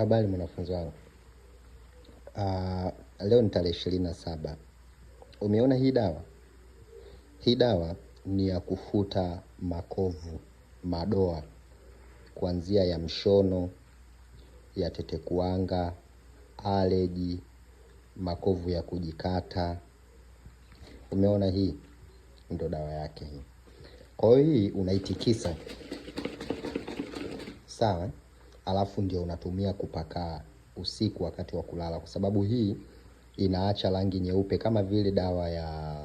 Habari mwanafunzi wangu. Uh, leo ni tarehe ishirini na saba. Umeona hii dawa? Hii dawa ni ya kufuta makovu, madoa kuanzia ya mshono, ya tetekuwanga, aleji, makovu ya kujikata. Umeona, hii ndo dawa yake hii. Kwa hiyo hii unaitikisa, sawa? alafu ndio unatumia kupaka usiku wakati wa kulala, kwa sababu hii inaacha rangi nyeupe kama vile dawa ya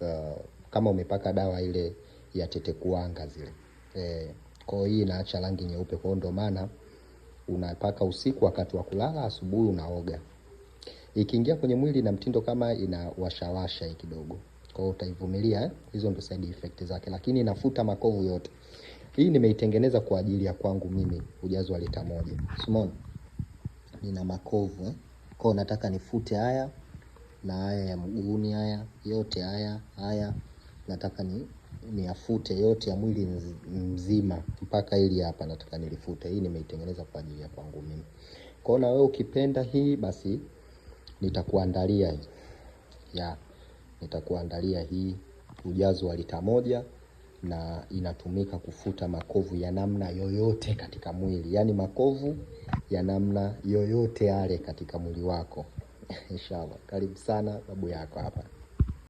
uh, kama umepaka dawa ile ya tetekuwanga zile eh, kwa hii inaacha rangi nyeupe. Kwa hiyo ndio maana unapaka usiku wakati wa kulala, asubuhi unaoga. Ikiingia kwenye mwili na mtindo kama inawashawasha kidogo, kwa hiyo utaivumilia. Eh? Hizo ndio side effect zake, lakini inafuta makovu yote. Hii nimeitengeneza kwa ajili ya kwangu mimi, ujazo wa lita moja. Simona, nina makovu eh? Kwa nataka nifute haya na haya ya mguuni, haya yote haya haya nataka ni niafute yote ya mwili mzima mpaka ili hapa nataka nilifute. Hii nimeitengeneza kwa ajili ya kwangu mimi. Kwa na wewe ukipenda hii basi nitakuandalia hii. Ya, nitakuandalia hii ujazo wa lita moja na inatumika kufuta makovu ya namna yoyote katika mwili, yaani makovu ya namna yoyote yale katika mwili wako. Inshallah, karibu sana, babu yako hapa.